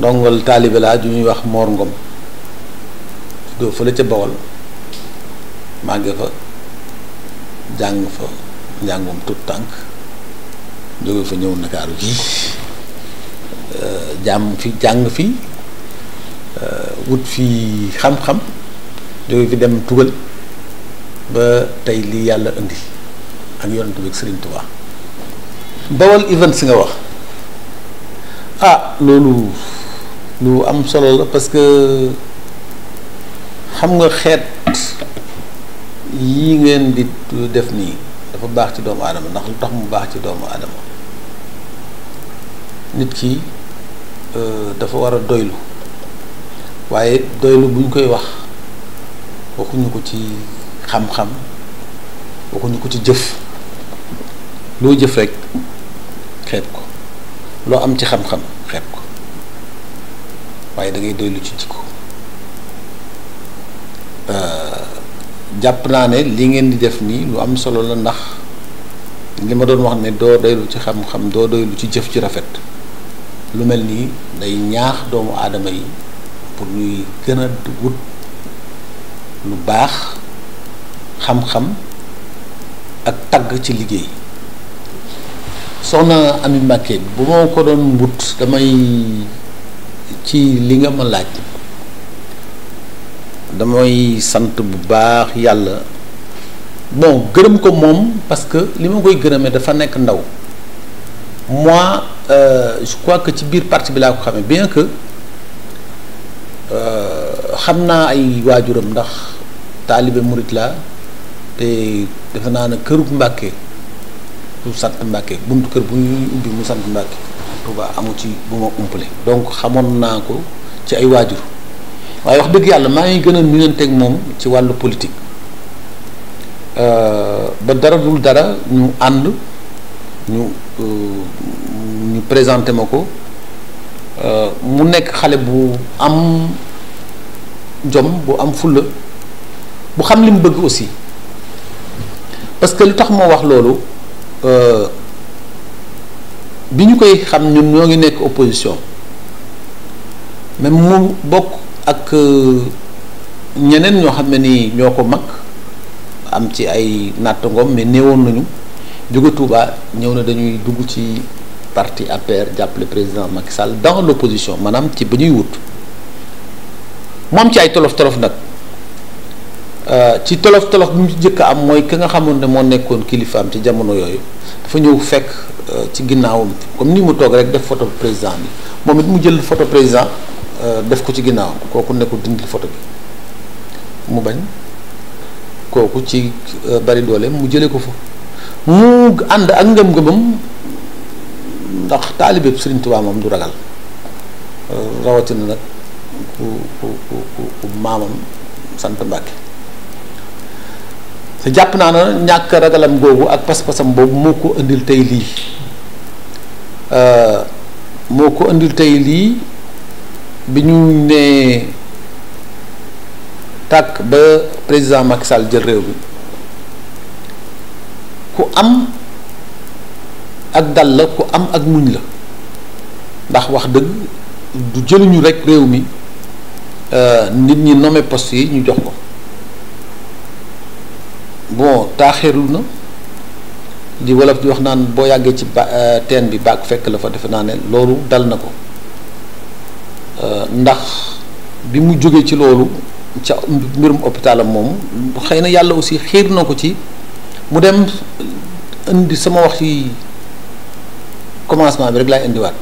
ndongal taalibe laa ju ñuy wax Mor Ngom doo fële ca Bawol màgge fa jàng fa njàngum tut tànk jóge fa ñëw Ndakaaru gi euh, jàmm fi jàng fi euh, wut fi xam-xam jóge fi dem tugal ba tey lii yàlla indi ak yonent bi ak Sëriñ Tuubaa Bawol events nga wax ah loolu lu am solo la parce que xam nga xeet yi ngeen di def nii dafa baax ci doomu aadama ndax lu tax mu baax ci doomu adama nit ki euh, dafa war a doylu waaye doylu bu ñu koy wax waxuñu ko ci xam-xam waxuñu ko ci jëf loo jëf rek xeet ko loo am ci xam-xam xeet ko waaye dangay ngay doylu ci jikko euh, jàpp naa ne li ngeen di def nii lu am solo la ndax li ma doon wax ne doo doylu ci xam-xam doo doylu ci jëf ci rafet lu mel nii day ñaax doomu aadama yi pour ñuy gën a wut lu baax xam-xam ak tagg ci liggéey soxna Amy Mbacké bu ma ko doon wut damay ci li nga ma laaj damay sant bu baax yàlla bon gërëm ko moom parce que li ma koy gërëmee dafa nekk ndaw moi euh, je crois que ci biir parti bi laa ko xamee bien que euh, xam naa ay waajuram ndax taalibe murit laa te defe naa ne kërub Mbàkke bu sant Mbàkke buntu kër bu ñuy ubbi mu sant Mbàkke Touba amu ci bu ma umpale donc xamoon naa ko ci ay waajur waaye wax dëgg yàlla maa ngi gën a miinanteeg moom ci wàllu politique euh, ba dara dul dara ñu ànd ñu euh, ñu présenté ma ko euh, mu nekk xale bu am jom bu am fulla bu xam li mu bëgg aussi parce lu tax moo wax loolu. bi ñu koy xam ñun ñoo ngi nekk opposition même mu bokk ak euh, ñeneen ñoo xam ne ni ñoo ko mag am ci ay nattangom mais néewoon nañu jóge Touba ñëw na dañuy dugg ci parti APR jàppale président Macky Sall dans l'opposition maanaam ci ba ñuy wut moom ci ay tolof tolof nag. Euh, ci tolof tolof bi mu ci jëkk am mooy ki nga xamoon ne moo nekkoon kilifaam ci jamono yooyu dafa ñëw fekk euh, ci ginnaawam comme ni mu toog rek def photo président bi moom it mu jël photo président euh, def ko ci ginnaawam kooku nekkul dindil photo bi mu bañ kooku ci bari doole mu jëlee ko fa mu ànd ak ngëm-ngëmam ndax taalibe Sëriñ Tuubaa moom du ragal rawatina nag ku ku ku ku maamam sant Mbàkke te jàpp naa na ñàkk ragalam googu ak pas-pasam boobu moo ko indil tey lii euh, moo ko indil tey lii bi ñu nee tàkk ba président Macky Sall jël réew mi ku am ak dal la ku am ak muñ la ndax wax dëgg du jëluñu rek réew mi euh, nit ñi nommé poste yi ñu jox ko bon taaxirlu na di wolof di wax naan boo yàggee ci ba euh, teen bi bàkk fekk la fa defe naa ne loolu dal na ko euh, ndax bi mu jógee ci loolu ca mbirum hôpitalam moom xëy na yàlla aussi xiir na ko ci mu dem indi sama wax ci commencement bi rek laay indiwaat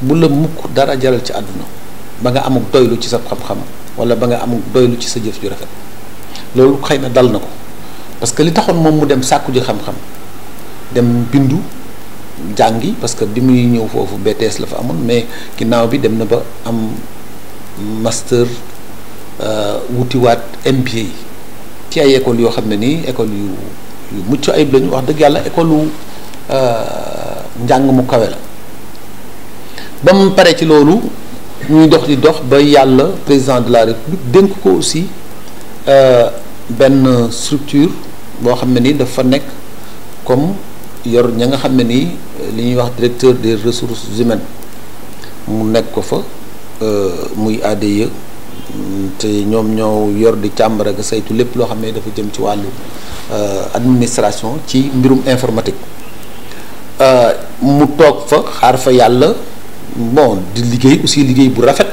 bu la mukk dara jaral ci àdduna ba nga amuk doylu ci sa xam-xam wala ba nga amuk doylu ci sa jëf ju rafet loolu xëy na dal na ko parce que li taxoon moom mu dem sàkku ji xam-xam dem bindu jàngi parce que bi muy ñëw foofu BTS la fa amoon mais ginnaaw bi dem na ba am master euh, wutiwaat MBA yi ci ay écoles yoo xam ne nii école yu yu mucc ayib la wax dëgg yàlla école wu euh, njàng mu kawe la ba pare ci loolu ñuy dox di dox ba yàlla président de la république dénk ko aussi benn structure boo xam ne ni dafa nekk comme yor ña nga xam ne nii li ñuy wax directeur des ressources humaines mu nekk ko fa euh, muy ADE te ñoom ñoo yor di càmbar ak saytu lépp loo xam ne dafa jëm ci wàllu euh, administration ci mbirum informatique euh, mu toog fa xaar fa yàlla bon di liggéey aussi liggéey bu rafet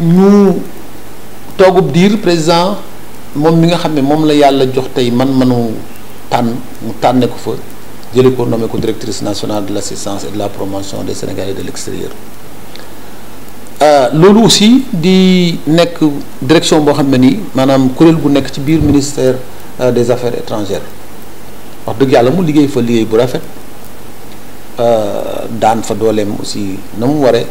ñu toogub diir président moom mi nga xam ne moom la yàlla jox tey man-manu tànn mu tànnee ko fa jële ko nommé ko directrice nationale de l'assistance et de la promotion des Sénégalais de l'extérieur euh, loolu aussi di nekk direction boo xam ne nii maanaam kuréel bu nekk ci biir ministère euh, des affaires étrangères wax dëgg yàlla mu liggéey fa liggéey bu rafet euh, daan fa dooleem aussi na mu waree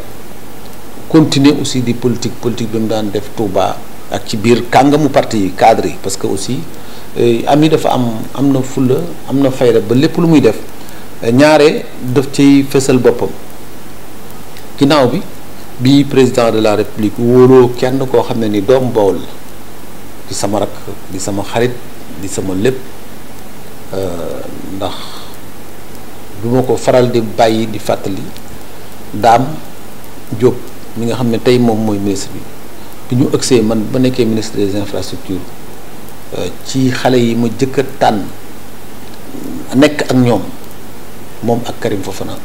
continuer aussi di politique politique bi mu daan def Touba. ak ci biir kàngamu parti yi cadre yi parce que aussi euh, am yi dafa am am na fulla am na fayda ba lépp lu muy def ñaare daf ciy fësal boppam ginnaaw bi bi président de la république wóoloo kenn koo xam ne ni doom bool la di sama rakk di sama xarit di sama lépp euh, ndax duma ko faral di bàyyi di fàttali daam Diop mi nga xam ne tey moom mooy ministre bi ñu ëgsee man ba nekkee ministre des infrastructures euh, ci xale yi ma jëkk a tànn nekk ak ñoom moom ak Karim Fofana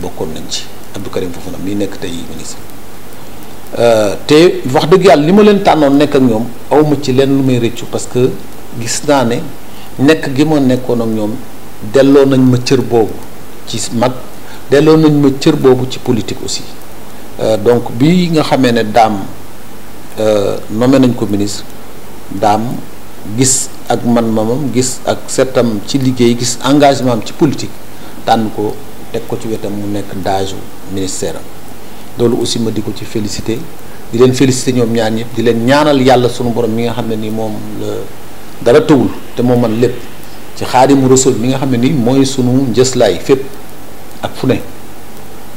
bokkoon nañ ci Abdou Karim Fofana mii nekk tey ministre euh, te wax dëgg yàlla li ma leen tànnoon nekk ak ñoom awma ci lenn lu may rëccu parce que gis naa ne nekk gi ma nekkoon ak ñoom delloo nañ ma cër boobu ci mag delloo nañ ma cër boobu ci politique aussi euh, donc bi nga xamee ne daam Euh, nommé nañ ko ministre daam gis ak man mamam gis ak setam ci liggéey gis engagement ci politique tànn ko teg ko ci wetam mu nekk daaju ministère loolu aussi ma di ko ci félicité di leen félicité ñoom ñaan ñëpp di leen ñaanal yàlla sunu borom mi nga xam ne ni moom la dara tëwul te moo man lépp ci Xaadimu Rasuul mi nga xam ne ni mooy sunu njëslaay fépp ak fu ne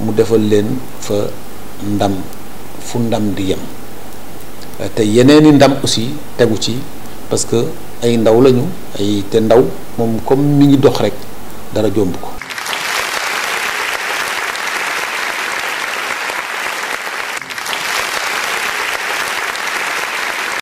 mu defal leen fa ndam fu ndam di yem te yeneen i ndam aussi tegu ci parce que ay ndaw lañu ay te ndaw moom comme mi ngi dox rek dara jomb ko